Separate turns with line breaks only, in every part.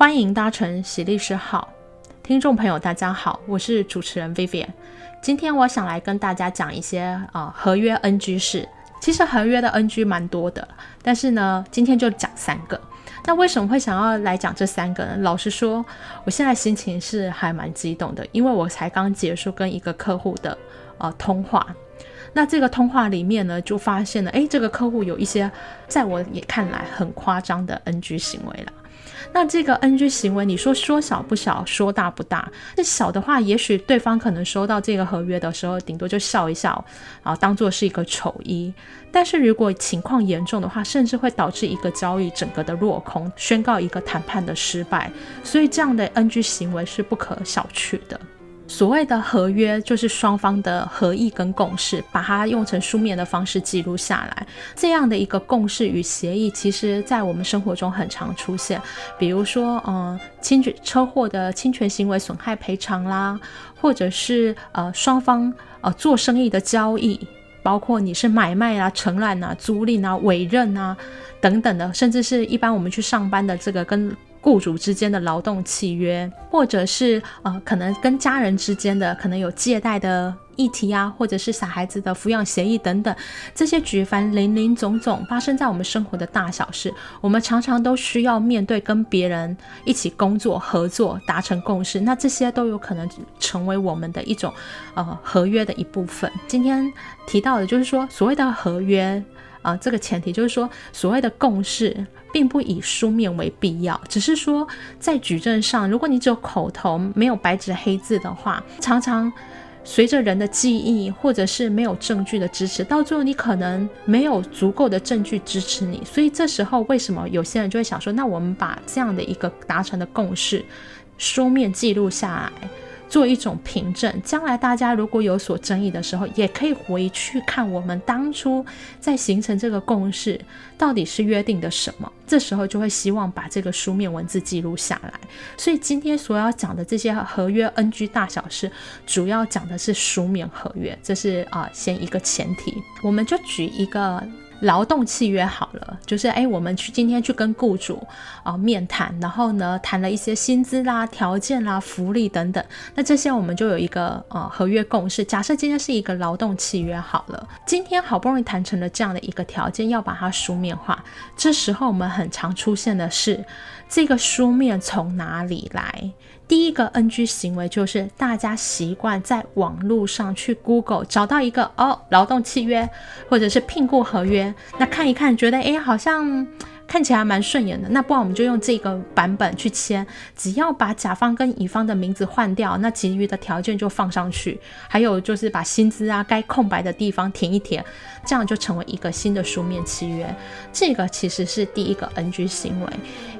歡迎搭乘喜律師號，聽眾朋友大家好，我是主持人 Vivian。今天我想來跟大家講一些啊、呃、合約 NG 事。其實合約的 NG 蠻多的，但是呢，今天就講三個。那為什麼會想要來講這三個呢？老實說，我現在心情是還蠻激動的，因為我才剛結束跟一個客戶的呃通話。那這個通話裡面呢，就發現了，哎，這個客戶有一些在我也看來很誇張的 NG 行為了。那這個 NG 行為，你說說小不小，說大不大。那小的話，也許對方可能收到這個合約的時候，頂多就笑一笑，啊，當做是一個醜意。但是如果情況嚴重的話，甚至會導致一個交易整個的落空，宣告一個談判的失敗。所以，這樣的 NG 行為是不可小覷的。所謂的合約就是雙方的合意跟共識，把它用成書面的方式記錄下來。這樣的一個共識與協議，其實在我們生活中很常出現。比如說，嗯、呃，侵權車禍的侵權行為損害賠償啦，或者是呃雙方呃做生意的交易，包括你是買賣啊、承攬啊、租賃啊、委任啊等等的，甚至是一般我們去上班的這個跟雇主之間的勞動契約，或者是呃，可能跟家人之間的可能有借貸的議題啊，或者是小孩子的撫養協議等等，這些舉凡林林總總發生在我們生活的大小事，我們常常都需要面對跟別人一起工作、合作、達成共識，那這些都有可能成為我們的一種呃合約的一部分。今天提到的，就是說所謂的合約啊，呃，這個前提就是說所謂的共識。並不以書面為必要，只是說在舉證上，如果你只有口頭，沒有白紙黑字的話，常常隨着人的記憶，或者是沒有證據的支持，到最後你可能沒有足夠的證據支持你。所以這時候，為什麼有些人就會想說，那我們把這樣的一個達成的共識，書面記錄下來。做一種憑證，將來大家如果有所爭議的時候，也可以回去看我們當初在形成這個共識到底是約定的什麼。這時候就會希望把這個書面文字記錄下來。所以今天所要講的這些合約 NG 大小事，主要講的是書面合約，這是啊、呃、先一個前提。我們就舉一個。勞動契約好了，就是哎、欸，我們去今天去跟雇主啊、呃、面談，然後呢，談了一些薪資啦、條件啦、福利等等，那這些我們就有一個呃合約共識。假設今天是一個勞動契約好了，今天好不容易談成了這樣的一個條件，要把它書面化，這時候我們很常出現的是這個書面從哪裡來？第一個 NG 行為就是大家習慣在網絡上去 Google 找到一個哦勞動契約或者是聘僱合約，那看一看覺得哎、欸、好像看起來還蠻順眼的，那不然我們就用這個版本去簽，只要把甲方跟乙方的名字換掉，那其餘的條件就放上去，還有就是把薪資啊該空白的地方填一填，這樣就成為一個新的書面契約。這個其實是第一個 NG 行為，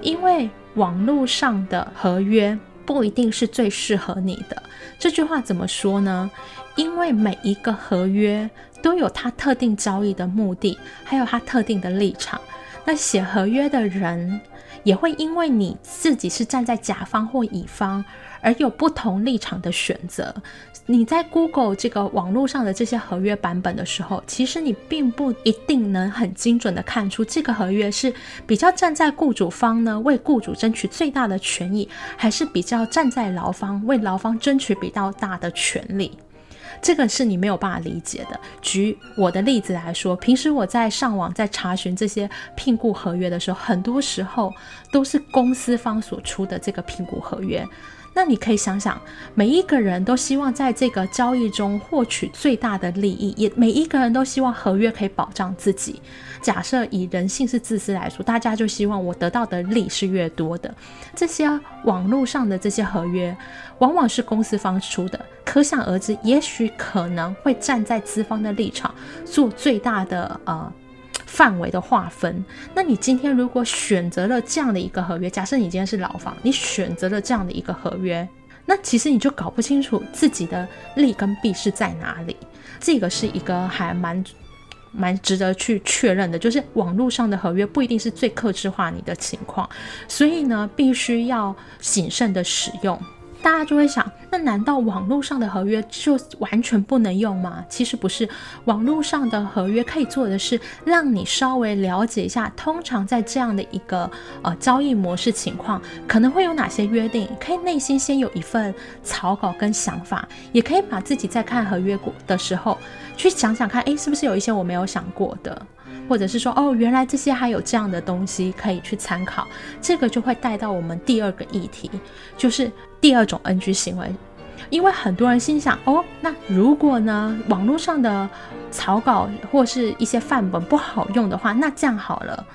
因為網絡上的合約。不一定是最適合你的。這句話怎麼說呢？因為每一個合約都有它特定交易的目的，還有它特定的立場。那寫合約的人，也會因為你自己是站在甲方或乙方而有不同立場的選擇。你在 Google 這個網絡上的這些合約版本的時候，其實你並不一定能很精準的看出這個合約是比較站在雇主方呢，為雇主爭取最大的權益，還是比較站在勞方，為勞方爭取比較大的權利。這個是你沒有辦法理解的。舉我的例子來說，平時我在上網在查詢這些聘雇合約的時候，很多時候都是公司方所出的這個聘雇合約。那你可以想想，每一個人都希望在這個交易中獲取最大的利益，也每一個人都希望合約可以保障自己。假設以人性是自私來說，大家就希望我得到的利是越多的。這些網絡上的這些合約，往往是公司方出的，可想而知，也許可能會站在資方的立場做最大的呃。範圍的劃分，那你今天如果選擇了這樣的一個合約，假設你今天是老房，你選擇了這樣的一個合約，那其實你就搞不清楚自己的利跟弊是在哪裡。這個是一個還蠻蠻值得去確認的，就是網絡上的合約不一定是最客製化你的情況，所以呢，必須要謹慎的使用。大家就會想，那難道網絡上的合約就完全不能用嗎？其實不是，網絡上的合約可以做的是，讓你稍微了解一下，通常在這樣的一個呃交易模式情況，可能會有哪些約定，可以內心先有一份草稿跟想法，也可以把自己在看合約的時候，去想想看，誒，是不是有一些我沒有想過的。或者是說，哦，原來這些還有這樣的東西可以去參考，這個就會帶到我們第二個議題，就是第二種 NG 行為，因為很多人心想，哦，那如果呢，網絡上的草稿或是一些範本不好用的話，那這樣好了。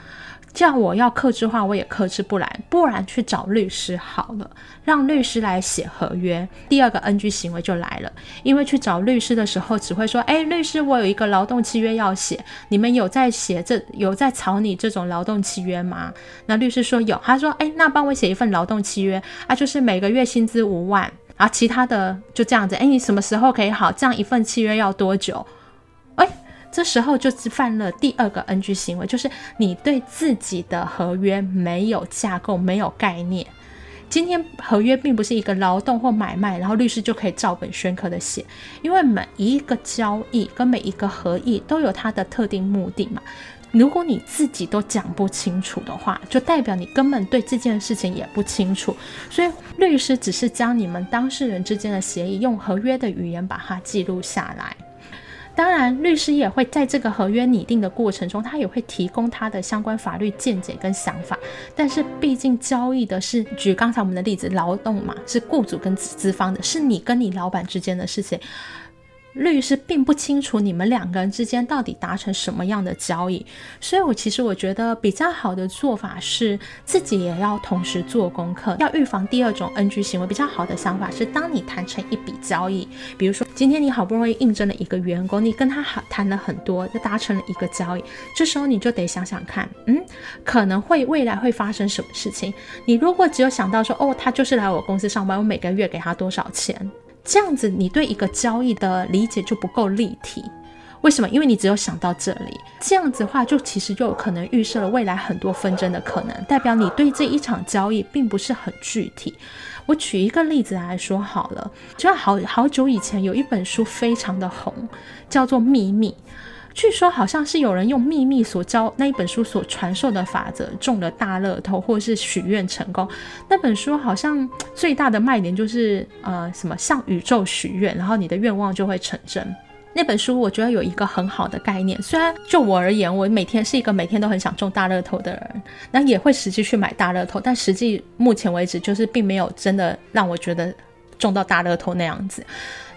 這樣我要客製化，我也客製不來，不然去找律師好了，讓律師來寫合約。第二個 NG 行為就來了，因為去找律師的時候，只會說：“哎，律師，我有一個勞動契約要寫，你們有在寫這有在草擬這種勞動契約嗎？”那律師說有，他說：“哎，那幫我寫一份勞動契約啊，就是每個月薪資五萬，啊，其他的就這樣子。哎，你什麼時候可以好？這樣一份契約要多久？”這時候就是犯了第二個 NG 行為，就是你對自己的合約沒有架構、沒有概念。今天合約並不是一個勞動或買賣，然後律師就可以照本宣科的寫，因為每一個交易跟每一個合意都有它的特定目的嘛。如果你自己都講不清楚的話，就代表你根本對這件事情也不清楚。所以律師只是將你們當事人之間的協議用合約的語言把它記錄下來。當然，律師也會在這個合約擬定的過程中，他也會提供他的相關法律見解跟想法。但是，畢竟交易的是，舉剛才我們的例子，勞動嘛，是雇主跟資方的，是你跟你老闆之間的事情。律師並不清楚你們兩個人之間到底達成什麼樣的交易，所以我其實我覺得比較好的做法是自己也要同時做功課，要預防第二種 NG 行為。比較好的想法是，當你談成一筆交易，比如說今天你好不容易應徵了一個員工，你跟他談了很多，就達成了一個交易，這時候你就得想想看，嗯，可能會未來會發生什麼事情。你如果只有想到說，哦，他就是來我公司上班，我每個月給他多少錢。這樣子，你對一個交易的理解就不夠立體。為什麼？因為你只有想到這裡，這樣子的話，就其實就有可能預設了未來很多紛爭的可能，代表你對這一場交易並不是很具體。我舉一個例子來說好了，就好好久以前有一本書非常的紅，叫做《秘密》。據說好像是有人用秘密所教那一本書所傳授的法則中了大樂透，或是許願成功。那本書好像最大的賣點就是呃什麼向宇宙許願，然後你的願望就會成真。那本書我覺得有一個很好的概念，雖然就我而言，我每天是一個每天都很想中大樂透的人，那也會實際去買大樂透，但實際目前為止就是並沒有真的讓我覺得中到大樂透那樣子。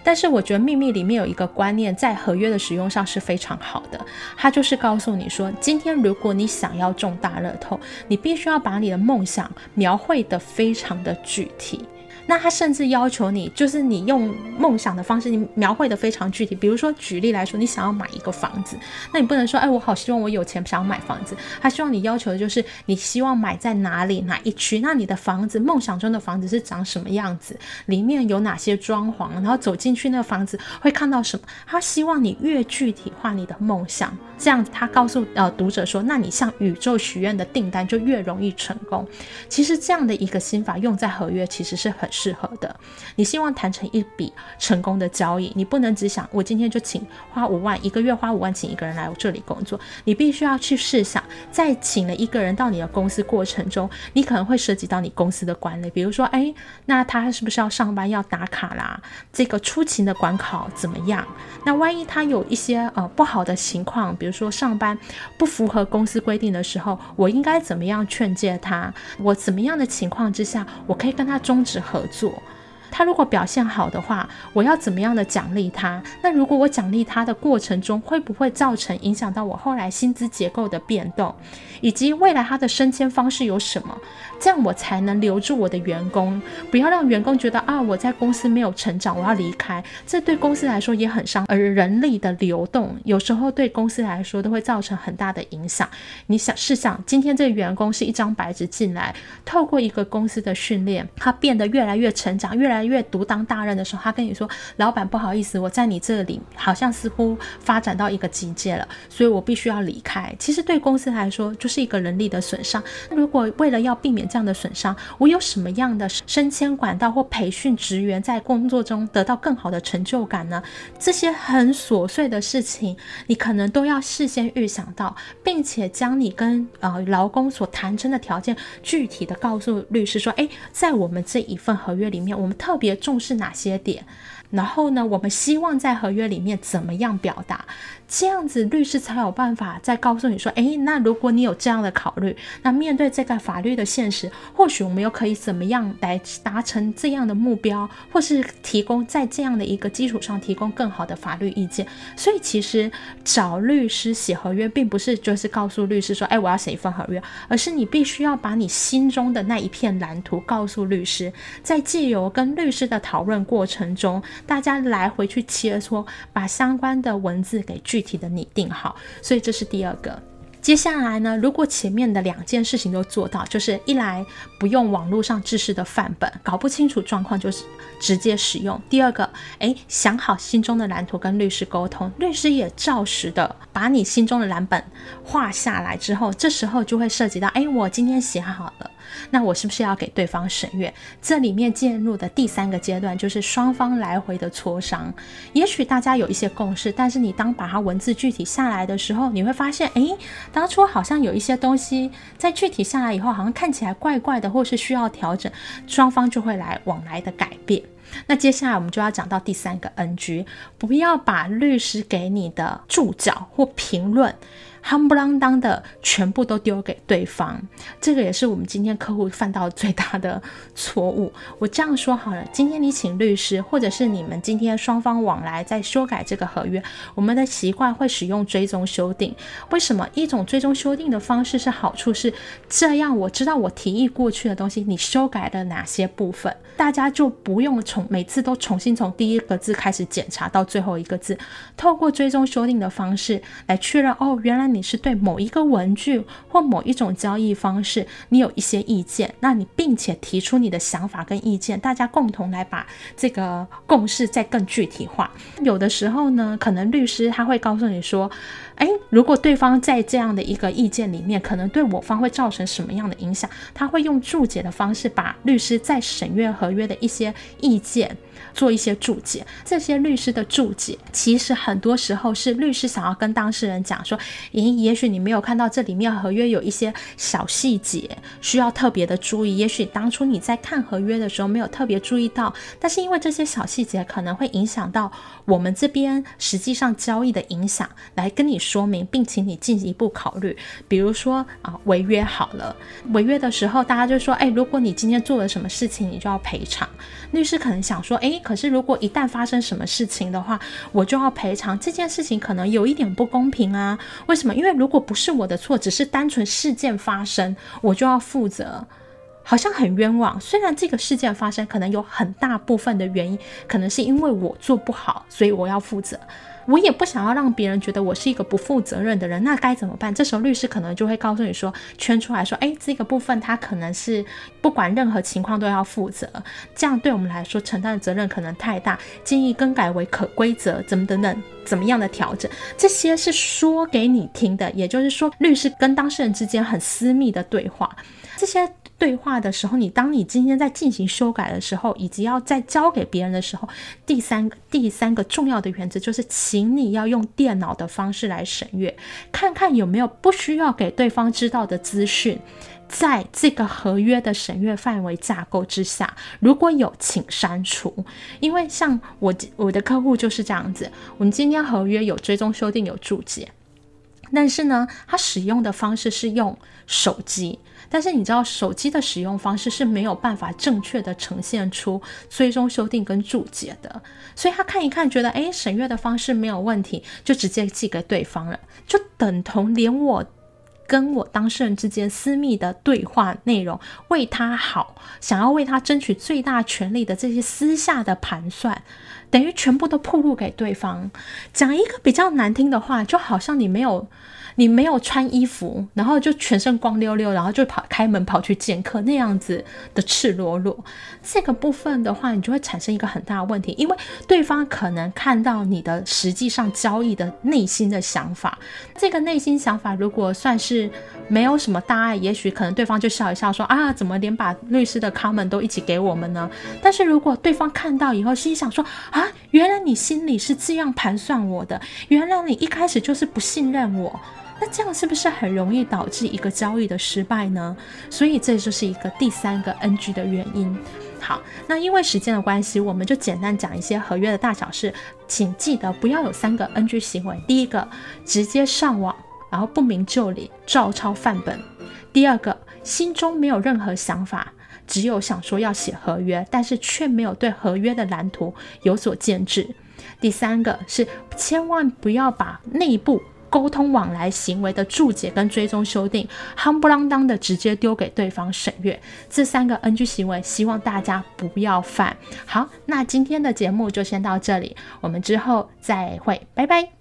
但是我覺得秘密裡面有一個觀念，在合約的使用上是非常好的，它就是告訴你說，今天如果你想要中大樂透，你必須要把你的夢想描繪得非常的具體。那他甚至要求你，就是你用夢想的方式，你描繪的非常具體。比如說，舉例來說，你想要買一個房子，那你不能說，哎，我好希望我有錢想要買房子。他希望你要求的就是，你希望買在哪裡，哪一區？那你的房子，夢想中的房子是長什麼樣子？裡面有哪些裝潢？然後走進去那個房子會看到什麼？他希望你越具體化你的夢想，這樣他告訴呃讀者說，那你向宇宙許願的訂單就越容易成功。其實這樣的一個心法用在合約，其實是很。適合的，你希望談成一筆成功的交易，你不能只想我今天就請花五萬，一個月花五萬請一個人來我這裡工作。你必須要去試想，在請了一個人到你的公司過程中，你可能會涉及到你公司的管理，比如說，哎，那他是不是要上班要打卡啦？這個出勤的管考怎麼樣？那萬一他有一些呃不好的情況，比如說上班不符合公司規定的時候，我應該怎麼樣勸誡他？我怎麼樣的情況之下，我可以跟他終止合做。他如果表現好的話，我要怎麼樣的獎勵他？那如果我獎勵他的過程中，會不會造成影響到我後來薪資結構的變動，以及未來他的升遷方式有什麼？這樣我才能留住我的員工，不要讓員工覺得啊，我在公司沒有成長，我要離開。這對公司來說也很傷，而人力的流動有時候對公司來說都會造成很大的影響。你想試想，今天這員工是一張白紙進來，透過一個公司的訓練，他變得越來越成長，越來。越獨當大任的時候，他跟你說：“老板，不好意思，我在你這裡好像似乎發展到一個境界了，所以我必須要離開。其實對公司來說，就是一個人力的損傷。如果為了要避免這樣的損傷，我有什麼樣的升遷管道或培訓職員在工作中得到更好的成就感呢？這些很瑣碎的事情，你可能都要事先預想到，並且將你跟呃勞工所談成的條件具體的告訴律師說：誒，在我們這一份合約裡面，我們特。”特別重視哪些點？然後呢，我們希望在合約裡面怎麼樣表達。這樣子律師才有辦法再告訴你說，哎，那如果你有這樣的考慮，那面對這個法律的現實，或許我們又可以怎麼樣來達成這樣的目標，或是提供在這樣的一個基礎上提供更好的法律意見。所以其實找律師寫合約，並不是就是告訴律師說，哎，我要寫一份合約，而是你必須要把你心中的那一片藍圖告訴律師，在借由跟律師的討論過程中，大家來回去切磋，把相關的文字給具具體的擬定好，所以這是第二個。接下來呢，如果前面的兩件事情都做到，就是一來不用網絡上制式的範本，搞不清楚狀況就是直接使用；第二個，哎，想好心中的藍圖跟律師溝通，律師也照實的把你心中的藍本畫下來之後，這時候就會涉及到，哎，我今天寫好了。那我是不是要給對方審閱？這裡面進入的第三個階段就是雙方來回的磋商。也許大家有一些共識，但是你當把它文字具體下來的時候，你會發現，哎，當初好像有一些東西，在具體下來以後，好像看起來怪怪的，或是需要調整，雙方就會來往來的改變。那接下來我們就要講到第三個 NG，不要把律師給你的注腳或評論夯不啷噹的全部都丟給對方，這個也是我們今天客戶犯到最大的錯誤。我這樣說好了，今天你請律師，或者是你們今天雙方往來在修改這個合約，我們的習慣會使用追蹤修訂。為什麼一種追蹤修訂的方式是好處是這樣？我知道我提議過去的東西，你修改了哪些部分，大家就不用從每次都重新從第一個字開始檢查到最後一個字，透過追蹤修訂的方式來確認。哦，原來。你是對某一個文具或某一種交易方式，你有一些意見，那你並且提出你的想法跟意見，大家共同來把這個共識再更具體化。有的時候呢，可能律師他會告訴你說，誒，如果對方在這樣的一個意見裡面，可能對我方會造成什麼樣的影響，他會用注解的方式把律師在審閱合約的一些意見。做一些註解，這些律師的註解其實很多時候是律師想要跟當事人講說，咦，也許你沒有看到這裡面合約有一些小細節需要特別的注意，也許當初你在看合約的時候沒有特別注意到，但是因為這些小細節可能會影響到我們這邊實際上交易的影響，來跟你說明，並請你進一步考慮。比如說啊、呃，違約好了，違約的時候大家就說，誒，如果你今天做了什麼事情，你就要賠償。律師可能想說，誒。可是，如果一旦發生什麼事情的話，我就要賠償。這件事情可能有一點不公平啊。為什麼？因為如果不是我的錯，只是單純事件發生，我就要負責，好像很冤枉。雖然這個事件發生，可能有很大部分的原因，可能是因為我做不好，所以我要負責。我也不想要讓別人覺得我是一個不負責任的人，那該怎麼辦？這時候律師可能就會告訴你說，圈出來說，誒，這個部分他可能是不管任何情況都要負責，這樣對我們來說承擔的責任可能太大，建議更改為可歸責，怎麼等等，怎麼樣的調整？這些是說給你聽的，也就是說，律師跟當事人之間很私密的對話，這些。對話的時候，你當你今天在進行修改的時候，以及要再交給別人的時候，第三個第三個重要的原則就是，請你要用電腦的方式來審閱，看看有沒有不需要給對方知道的資訊，在這個合約的審閱範圍架構之下，如果有，請刪除。因為像我我的客戶就是這樣子，我們今天合約有追蹤修訂，有註解。但是呢，他使用的方式是用手機，但是你知道手機的使用方式是沒有辦法正確的呈現出追蹤修訂跟注解的，所以他看一看覺得誒，審閱的方式沒有問題，就直接寄給對方了，就等同連我跟我當事人之間私密的對話內容，為他好，想要為他爭取最大權利的這些私下的盤算。等於全部都暴露給對方，講一個比較難聽的話，就好像你沒有，你沒有穿衣服，然後就全身光溜溜，然後就跑開門跑去見客那樣子的赤裸裸，這個部分的話，你就會產生一個很大的問題，因為對方可能看到你的實際上交易的內心的想法，這個內心想法如果算是沒有什麼大礙，也許可能對方就笑一笑說啊，怎麼連把律師的 comment 都一起給我們呢？但是如果對方看到以後心想說，啊，原來你心裡是這樣盤算我的。原來你一開始就是不信任我，那這樣是不是很容易導致一個交易的失敗呢？所以這就是一個第三個 NG 的原因。好，那因為時間的關係，我們就簡單講一些合約的大小事，請記得不要有三個 NG 行為。第一個，直接上網，然後不明就裡，照抄範本；第二個，心中沒有任何想法。只有想說要寫合約，但是卻沒有對合約的藍圖有所建制。第三個是千萬不要把內部溝通往來行為的注解跟追蹤修訂，夯 不啷當的直接丟給對方審閱。這三個 NG 行為，希望大家不要犯。好，那今天的節目就先到這裡，我們之後再會，拜拜。